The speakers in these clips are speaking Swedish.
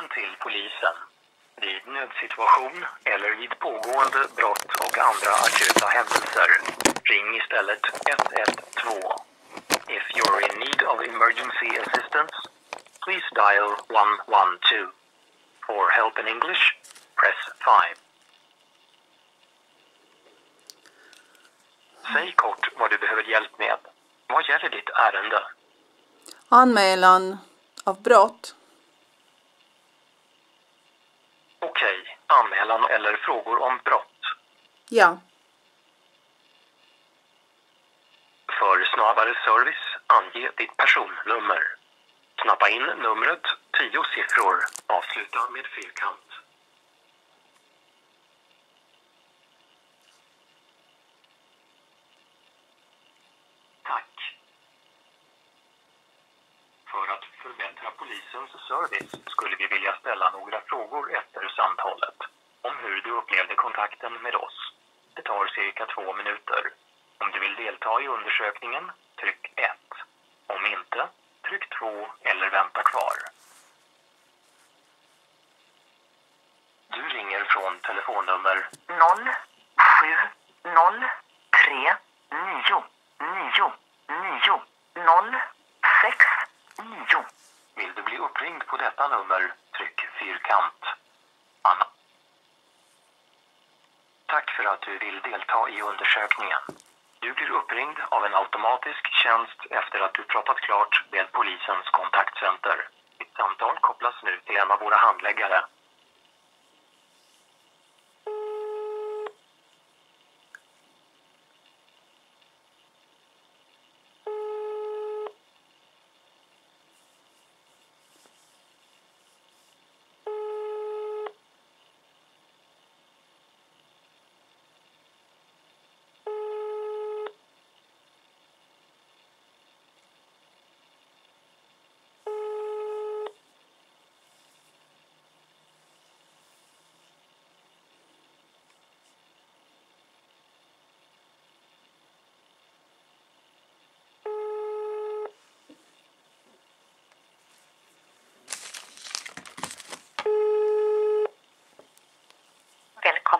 anmälan till polisen vid nödsituation eller vid pågående brott och andra akuta händelser. Ring istället 112. If you're in need of emergency assistance, please dial 112. For help in English, press 5. Säg kort vad du behöver hjälp med. Vad gäller ditt ärende? Anmälan av brott. Okej, anmälan eller frågor om brott? Ja. För snabbare service, ange ditt personnummer. Knappa in numret, tio siffror, avsluta med fyrkant. Tack. För att förbättra polisens service skulle vilja ställa några frågor efter samtalet om hur du upplevde kontakten med oss. Det tar cirka två minuter. Om du vill delta i undersökningen, tryck 1. Om inte, tryck 2 eller vänta kvar. Du ringer från telefonnummer 0 9 9 0 6 9 vill du bli uppringd på detta nummer, tryck fyrkant. Anna. Tack för att du vill delta i undersökningen. Du blir uppringd av en automatisk tjänst efter att du pratat klart med polisens kontaktcenter. Ditt samtal kopplas nu till en av våra handläggare.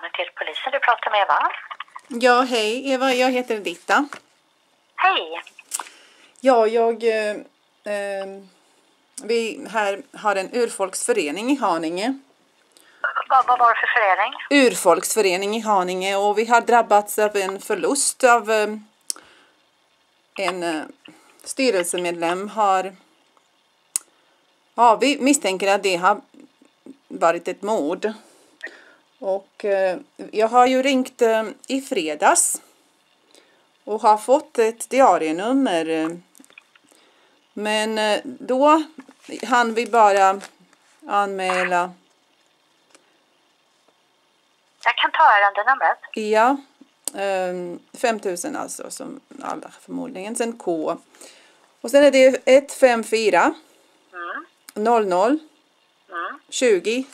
välkommen till polisen. Du pratar med Eva. Ja, hej Eva. Jag heter Ditta. Hej. Ja, jag... Eh, eh, vi här har en urfolksförening i Haninge. Vad, vad var det för förening? Urfolksförening i Haninge och vi har drabbats av en förlust av eh, en eh, styrelsemedlem har... Ja, vi misstänker att det har varit ett mord. Och eh, jag har ju ringt eh, i fredags och har fått ett diarienummer. Eh, men då hann vi bara anmäla. Jag kan ta ärendenumret. Ja. 5000 ehm, alltså som alla förmodligen. Sen K. Och sen är det 154 mm. 00 mm. 20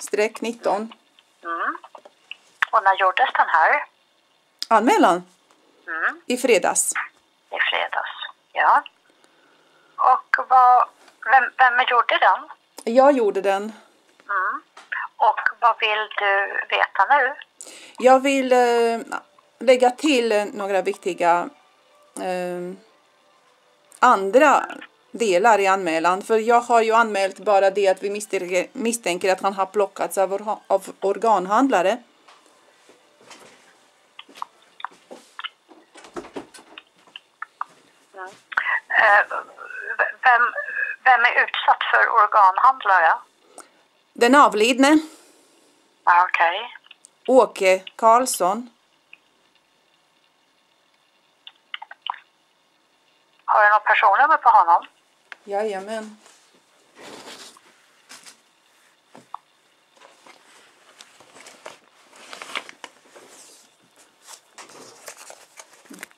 19 och när gjordes den här? Anmälan? Mm. I fredags. I fredags, ja. Och vad, vem, vem gjorde den? Jag gjorde den. Mm. Och vad vill du veta nu? Jag vill eh, lägga till några viktiga eh, andra delar i anmälan. För jag har ju anmält bara det att vi misstänker, misstänker att han har plockats av, organhandlare. Eh, vem, vem är utsatt för organhandlare? Den avlidne. Okej. Okay. Åke Karlsson. Har du något personnummer på honom? Jajamän.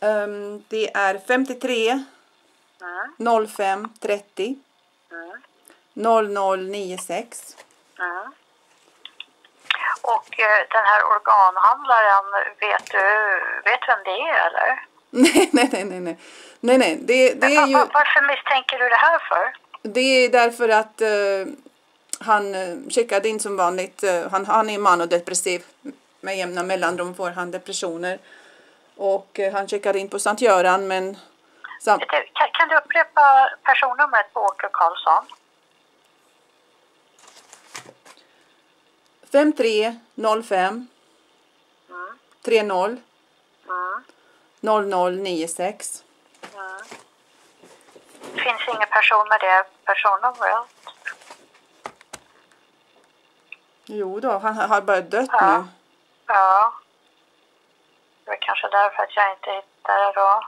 Um, det är 53 Mm. 05 30 0096. Mm. Och eh, den här organhandlaren, vet du, vet vem det är eller? nej, nej, nej, nej. nej, nej. Det, det är ju... Varför misstänker du det här för? Det är därför att eh, han eh, checkade in som vanligt. Eh, han, han är manodepressiv. Med jämna mellanrum får han depressioner. Och eh, han checkade in på Sankt Göran men så. Kan, kan du upprepa personnumret på Åke Karlsson? 5305 mm. 30 mm. 0096 mm. Finns ingen person med det personnumret? Jo då, han har bara dött ja. nu. Ja. Det var kanske därför att jag inte hittade det då.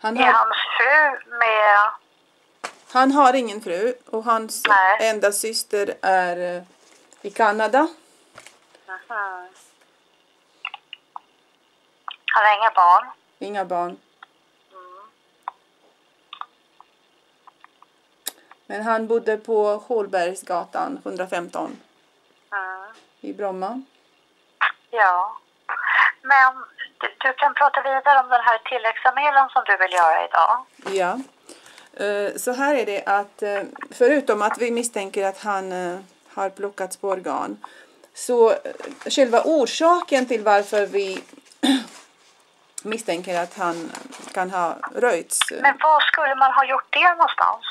Han har... Är hans fru med? Han har ingen fru och hans Nej. enda syster är eh, i Kanada. Mm. Han har inga barn? Inga barn. Mm. Men han bodde på Hålbergsgatan 115 mm. i Bromma. Ja. Men du, kan prata vidare om den här tilläggsanmälan som du vill göra idag. Ja. Eh, så här är det att eh, förutom att vi misstänker att han eh, har plockats på organ så själva orsaken till varför vi misstänker att han kan ha röjts. Men var skulle man ha gjort det någonstans?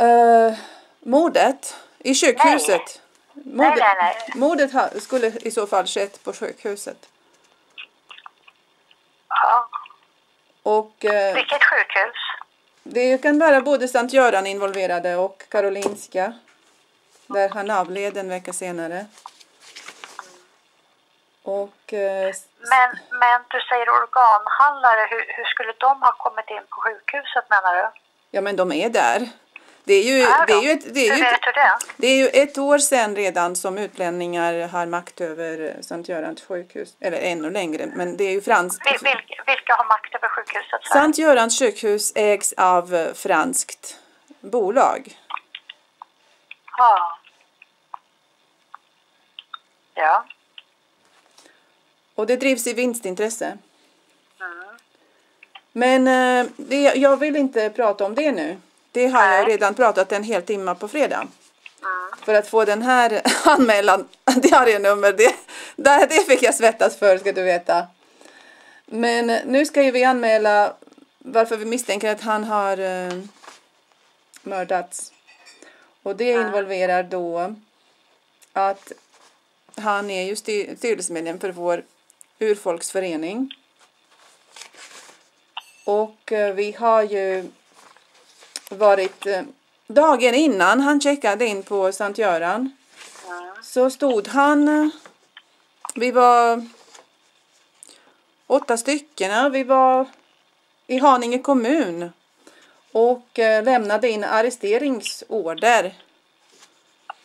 Uh, mordet i sjukhuset. Nej. Mordet, nej, nej, nej. mordet skulle i så fall skett på sjukhuset. Ja. Och, eh, Vilket sjukhus? Det kan vara både Sankt Göran involverade och Karolinska. Där han avled en vecka senare. Och, eh, men, men du säger organhandlare, hur, hur skulle de ha kommit in på sjukhuset menar du? Ja men de är där. Det är, ju, äh det, är ju ett, det, är ju, det är ju ett år sedan redan som utlänningar har makt över Sankt Görans sjukhus. Eller ännu längre, men det är ju franskt. Vil, vilka, vilka har makt över sjukhuset? För? Sankt Görans sjukhus ägs av franskt bolag. Ja. Ja. Och det drivs i vinstintresse. Mm. Men eh, det, jag vill inte prata om det nu. Det har Nej. jag redan pratat en hel timme på fredag. Mm. För att få den här anmälan, diarienummer, det, det, det fick jag svettas för ska du veta. Men nu ska ju vi anmäla varför vi misstänker att han har eh, mördats. Och det mm. involverar då att han är ju styr styrelsemedlem för vår urfolksförening. Och eh, vi har ju varit eh, dagen innan han checkade in på Sankt Göran så stod han, vi var åtta stycken, vi var i Haninge kommun och eh, lämnade in arresteringsorder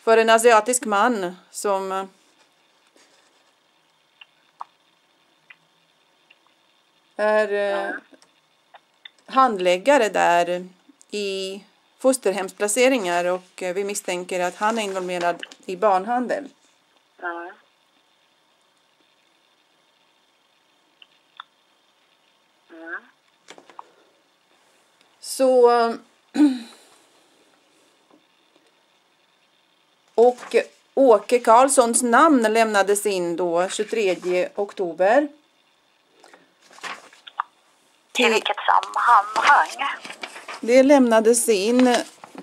för en asiatisk man som eh, är handläggare där i fosterhemsplaceringar och eh, vi misstänker att han är involverad i barnhandel. Ja. ja. Så... Och Åke Karlssons namn lämnades in då 23 oktober. Till vilket sammanhang? Det lämnades in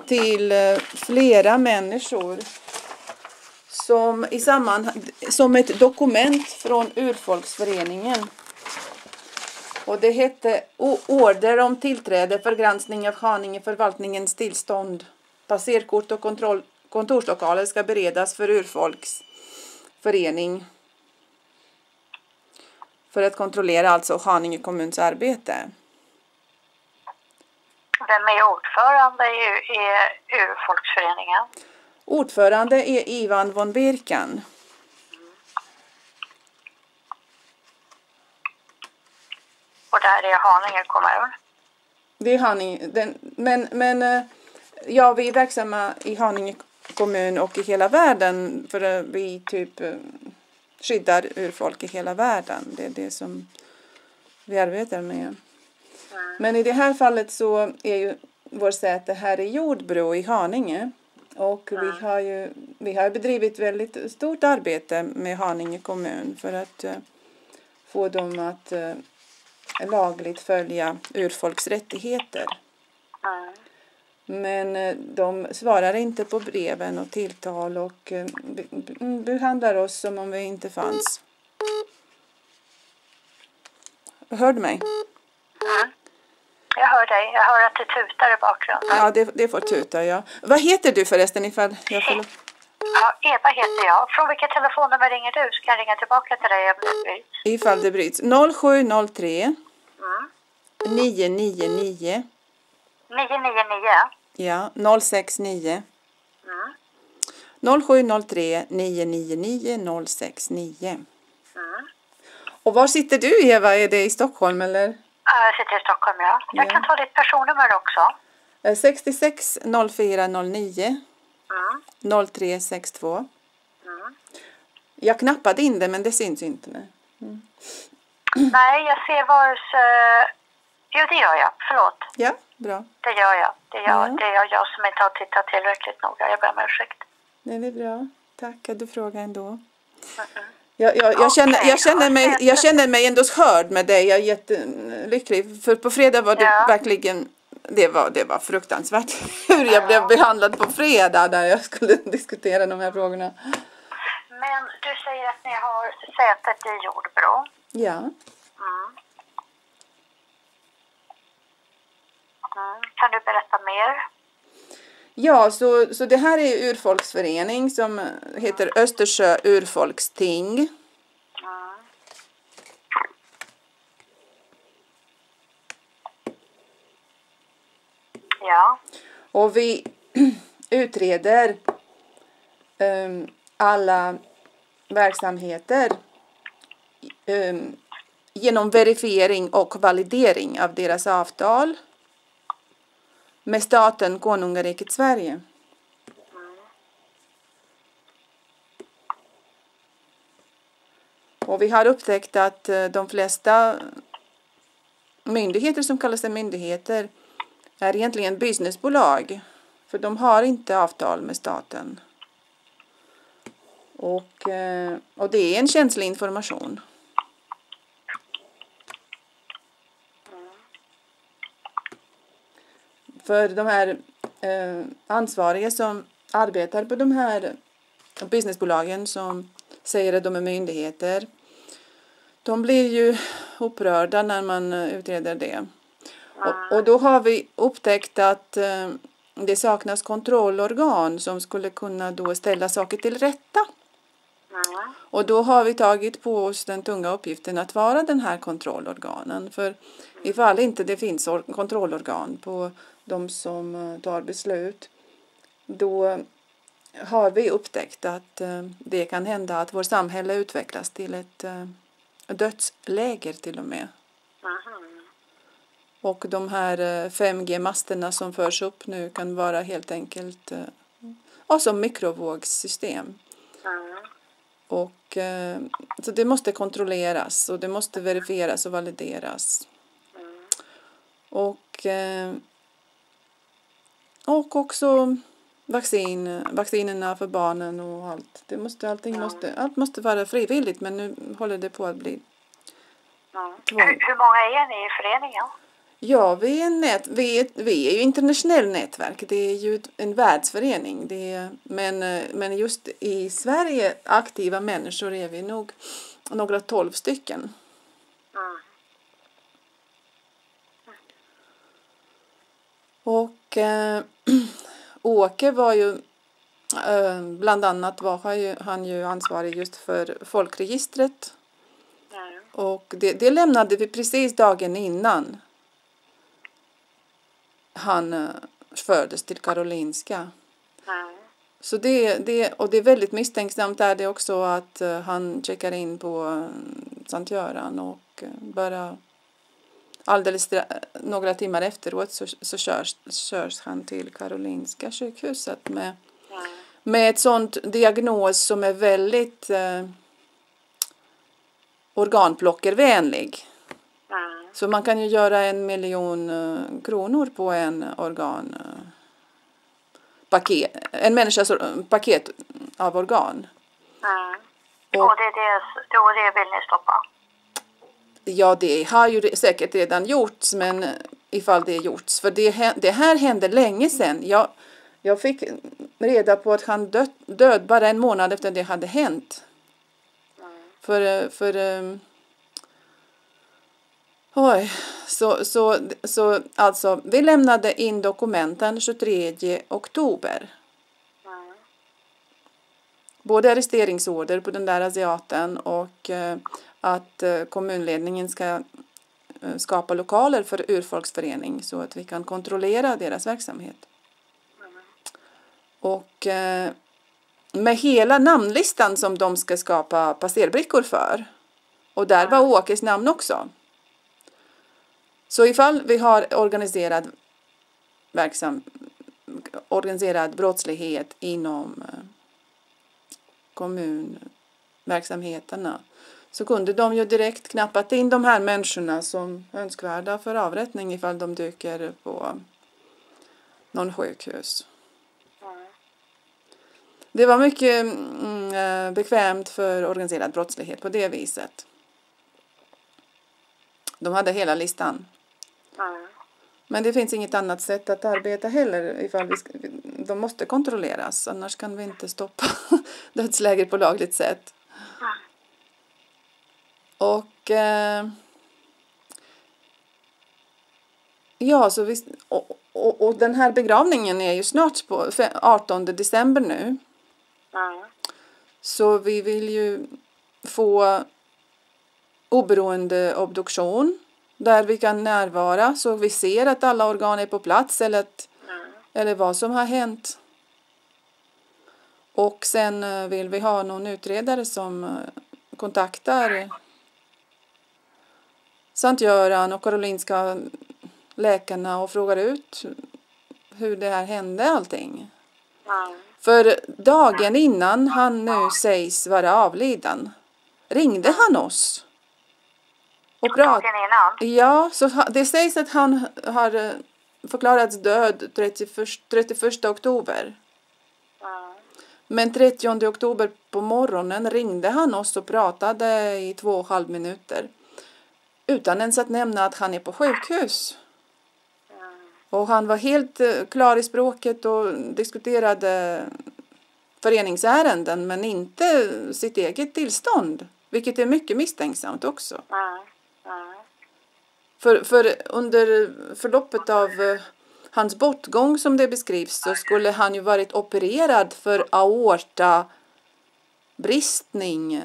till eh, flera människor som, i som ett dokument från Urfolksföreningen. Och det hette Order om tillträde för granskning av Haninge förvaltningens tillstånd. Passerkort och kontroll, kontorslokaler ska beredas för urfolksförening. För att kontrollera alltså Haninge kommuns arbete vem är ordförande i, i urfolksföreningen? Ordförande är Ivan von Birken. Mm. Och det här är Haninge kommun? Det är Haninge, den, men, men eh, ja, vi är verksamma i Haninge kommun och i hela världen för vi typ eh, skyddar urfolk i hela världen. Det är det som vi arbetar med. Men i det här fallet så är ju vår säte här i Jordbro i Haninge. Och vi har ju vi har bedrivit väldigt stort arbete med Haninge kommun för att uh, få dem att uh, lagligt följa urfolks rättigheter. Men eh, de svarar inte på breven och tilltal och mm, behandlar oss som om vi inte fanns. Hör du mig? Ja. Jag hör dig. Jag hör att det tutar i bakgrunden. Ja, det, det får tuta, ja. Vad heter du förresten ifall jag får... Ja, Eva heter jag. Från vilket telefonnummer ringer du? Ska jag ringa tillbaka till dig om det bryts? Ifall det bryts. 0703 mm. 999 999? Ja, 069 mm. 0703 999 069. Mm. Och var sitter du Eva? Är det i Stockholm eller? Jag sitter i Stockholm, ja. Jag ja. kan ta ditt personnummer också. 66 04 09 mm. 03 62. Mm. Jag knappade in det, men det syns inte. nu. mm. nej jag ser vare eh, sig... Jo, det gör jag. Förlåt. Ja, bra. Det gör jag. Det gör, ja. det gör jag som inte har tittat tillräckligt noga. Jag ber om ursäkt. Nej, det är bra. Tack att du frågade ändå. Mm jag, jag, jag, okay, känner, jag, känner mig, jag känner mig ändå hörd med dig. Jag är jättelycklig. För på fredag var det ja. verkligen det var, det var fruktansvärt hur jag ja. blev behandlad på fredag när jag skulle diskutera de här frågorna. Men du säger att ni har sätet i Jordbro. Ja. Mm. Mm. Kan du berätta mer? Ja, så, så det här är urfolksförening som heter Östersjö urfolksting. Ja. Och vi utreder um, alla verksamheter um, genom verifiering och validering av deras avtal med staten Konungariket Sverige. Och vi har upptäckt att eh, de flesta myndigheter som kallas sig myndigheter är egentligen businessbolag. För de har inte avtal med staten. Och, eh, och det är en känslig information. för de här eh, ansvariga som arbetar på de här businessbolagen som säger att de är myndigheter. De blir ju upprörda när man eh, utreder det. Och, och då har vi upptäckt att eh, det saknas kontrollorgan som skulle kunna då ställa saker till rätta. Och då har vi tagit på oss den tunga uppgiften att vara den här kontrollorganen. För ifall inte det finns kontrollorgan på de som eh, tar beslut. Då har vi upptäckt att eh, det kan hända att vårt samhälle utvecklas till ett eh, dödsläger till och med. Och de här 5G-masterna som förs upp nu kan vara helt enkelt ja, som mikrovågssystem. Och, så det måste kontrolleras och det måste verifieras och valideras. Och, eh, och också vaccin, vaccinerna för barnen och allt. Det måste, allting måste, allt måste vara frivilligt men nu håller det på att bli mm. Hur, många är ni i föreningen? Ja, vi är, nät, vi är, vi är ju internationellt nätverk. Det är ju en världsförening. Det är, men, eh, men just i Sverige aktiva människor är vi nog några tolv stycken. Och eh, Åke var ju eh, bland annat var han ju, han ju ansvarig just för folkregistret. Mm. Och det, det, lämnade vi precis dagen innan han eh, fördes till Karolinska. Så det, det, och det är väldigt misstänksamt är det också att eh, han checkar in på eh, Sankt Göran och eh, bara Alldeles några timmar efteråt så, så körs, körs han till Karolinska sjukhuset med, mm. med ett sånt diagnos som är väldigt eh, organplockervänlig. Mm. Så man kan ju göra en miljon eh, kronor på en organ eh, paket, en människas eh, paket av organ. Mm. Och, och det är det, då det vill ni stoppa? Ja, det har ju säkert redan gjorts, men ifall det gjorts. För det, det här hände länge sedan. Jag, jag fick reda på att han död, död bara en månad efter det hade hänt. För, eh, för um, oj, så, så, så alltså, vi lämnade in dokumenten 23 oktober. Både arresteringsorder på den där asiaten och uh, att eh, kommunledningen ska eh, skapa lokaler för urfolksförening så att vi kan kontrollera deras verksamhet. Och eh, med hela namnlistan som de ska skapa passerbrickor för. Och där var Åkes namn också. Så ifall vi har organiserad, verksam, organiserad brottslighet inom kommunverksamheterna så kunde de ju direkt knappat in de här människorna som önskvärda för avrättning ifall de dyker på någon sjukhus. Det var mycket mm, eh, bekvämt för organiserad brottslighet på det viset. De hade hela listan. Men det finns inget annat sätt att arbeta heller. Ifall vi ska, de måste kontrolleras, annars kan vi inte stoppa dödsläger på lagligt sätt. Och eh, Ja, så visst, och, och, och, den här begravningen är ju snart på 18 december nu. Mm. Så vi vill ju få oberoende obduktion där vi kan närvara så vi ser att alla organ är på plats eller, att, mm. eller vad som har hänt. Och sen eh, vill vi ha någon utredare som eh, kontaktar Sankt Göran och Karolinska läkarna och frågar ut hur det här hände allting. Mm. För dagen innan han nu sägs vara avliden ringde han oss. Och Dagen innan? Ja, så det sägs att han har eh, förklarats död 31, 31 oktober. Mm. Men 30 oktober på morgonen ringde han oss och pratade i två och halv minuter utan ens att nämna att han är på sjukhus. Och han var helt eh, klar i språket och diskuterade föreningsärenden men inte sitt eget tillstånd, vilket är mycket misstänksamt också. För, för under förloppet av eh, hans bortgång som det beskrivs så skulle han ju varit opererad för aortabristning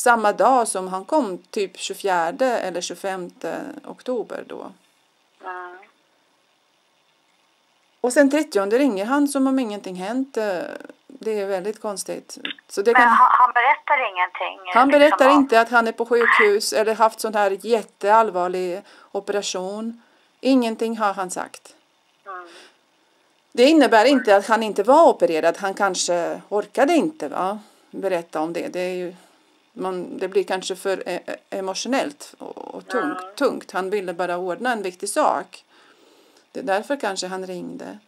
samma dag som han kom, typ 24 eller 25 oktober då. Mm. Och sen 30 ringer han som om ingenting hänt. Eh, det är väldigt konstigt. Så det kan... Men han berättar ingenting? Han liksom berättar om... inte att han är på sjukhus eller haft sån här jätteallvarlig operation. Ingenting har han sagt. Mm. Det innebär inte att han inte var opererad. Han kanske orkade inte va? berätta om det. Det är ju man, det blir kanske för eh, eh, emotionellt och, tungt, ja. tungt. Han ville bara ordna en viktig sak. Det är därför kanske han ringde.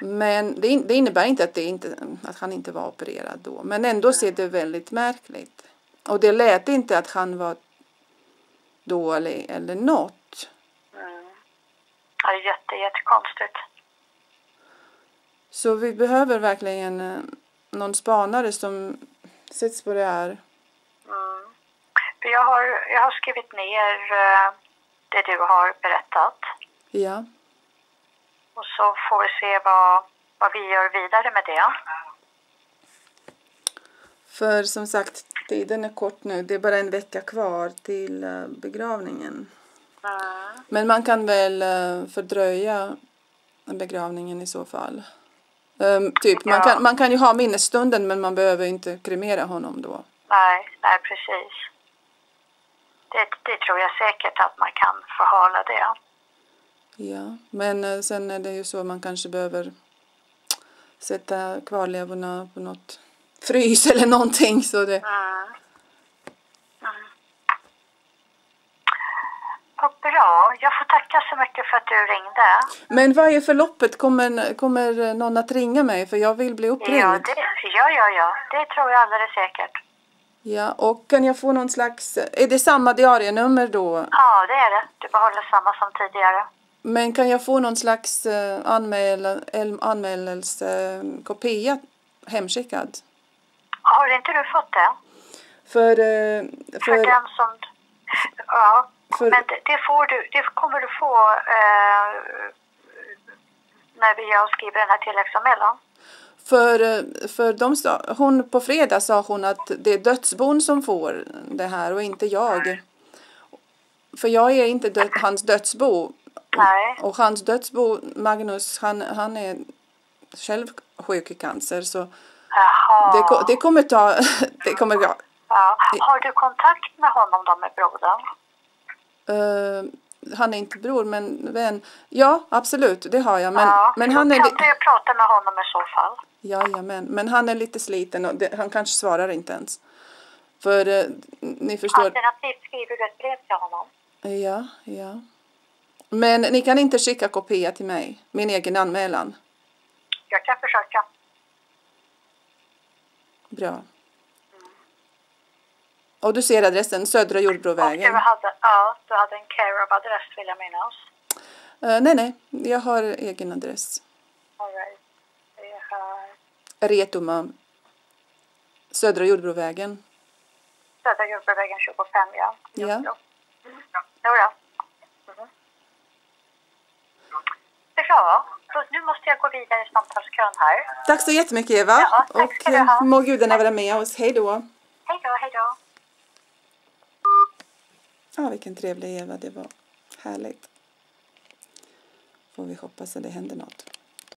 Men det, det innebär inte att, det inte att, han inte var opererad då. Men ändå ser det väldigt märkligt. Och det lät inte att han var dålig eller något. Mm. det är jätte, jättekonstigt. Så vi behöver verkligen eh, någon spanare som sätts på det här. För jag har, jag har skrivit ner eh, det du har berättat. Ja. Och så får vi se vad, vad vi gör vidare med det. För som sagt, tiden är kort nu. Det är bara en vecka kvar till eh, begravningen. Mm. Men man kan väl eh, fördröja begravningen i så fall. Um, typ, man, ja. kan, man kan ju ha minnesstunden men man behöver inte kremera honom då. Nej, nej precis det, det tror jag säkert att man kan förhala det. Ja, men eh, sen är det ju så man kanske behöver sätta kvarlevorna på något frys eller någonting. Så det... Mm. Mm. Vad bra. Jag får tacka så mycket för att du ringde. Men vad är förloppet? Kommer, kommer någon att ringa mig? För jag vill bli uppringd. Ja, det, ja, ja, ja. Det tror jag alldeles säkert. Ja, och kan jag få någon slags... Är det samma diarienummer då? Ja, det är det. Du behåller samma som tidigare. Men kan jag få någon slags eh, anmäl, anmälelsekopia hemskickad? Har inte du fått det? För... Eh, för, för den som... Ja, för... men det, det, får du, det kommer du få eh, när jag skriver den här tilläggsanmälan. För, eh, för de sa, hon, på fredag sa hon att det är dödsbon som får det här och inte jag. För jag är inte död, hans dödsbo. Nej. Och hans dödsbo, Magnus, han, han är själv sjuk i cancer. Så det, det, kommer ta... Det kommer, ja. ja. Har du kontakt med honom då, med brodern? Uh, han är inte bror men vän. Ja, absolut, det har jag. Men, ja, men han är... Kan du prata med honom i så fall? Jajamän, men han är lite sliten och det, han kanske svarar inte ens. För eh, ni förstår. Alternativt typ skriver du ett brev till honom. Ja, ja. Men ni kan inte skicka kopia till mig, min egen anmälan? Jag kan försöka. Bra. Och du ser adressen Södra Jordbrovägen? Och du hade, ja, du hade en care-of-adress vill jag minnas. Uh, nej, nej, jag har egen adress. All right. Vi har... Retuma. Södra Jordbrovägen. Södra Jordbrovägen 25, ja. Ja. Mm. Jo, ja. Mm. nu måste jag gå vidare i samtalskön här. Tack så jättemycket Eva. Ja, tack ska och du ha. Eh, må gudarna vara med oss. Hej då. Hej då, hej då. Ja, vilken trevlig Eva det var. Härligt. Får vi hoppas att det händer något.